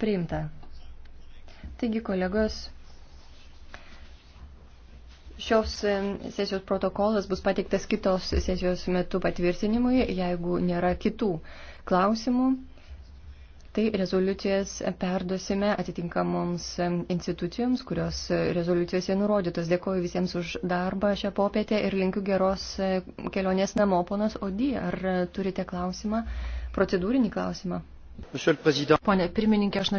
Priimta. Taigi, kolegos, Šios sesijos protokolas bus pateiktas kitos sesijos metu patvirtinimui, jeigu nėra kitų klausimų. Tai rezoliucijas perduosime atitinkamoms institucijoms, kurios e, rezoliucijose nurodytos. Dėkoju visiems už darbą šią popietę ir linkiu geros e, kelionės namo, ponas Odi. Ar turite klausimą, procedūrinį klausimą? Pone pirmininkė, aš norėčiau.